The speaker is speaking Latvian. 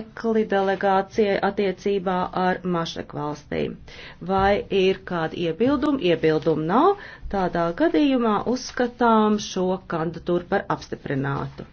līdzekli delegācijai attiecībā ar mašek valstīm. Vai ir kādi iebildumi? Iebildumi nav. Tādā gadījumā uzskatām šo kandidatūru par apstiprinātu.